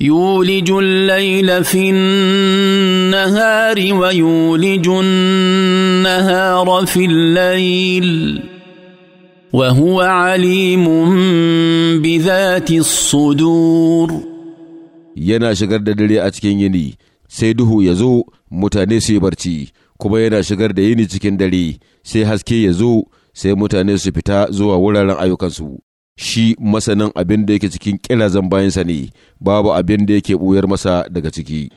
يولج الليل في النهار ويولج النهار في الليل وهو عليم بذات الصدور yana shigar da dare a cikin yini sai duhu ya zo mutane suyi barci kuma yana shigar da yini cikin dare sai haske ya zo sai mutane su fita zuwa wuraren ayyukansu shi masanin abin da yake cikin zan bayansa ne, babu abin da yake ɓuyar masa daga ciki.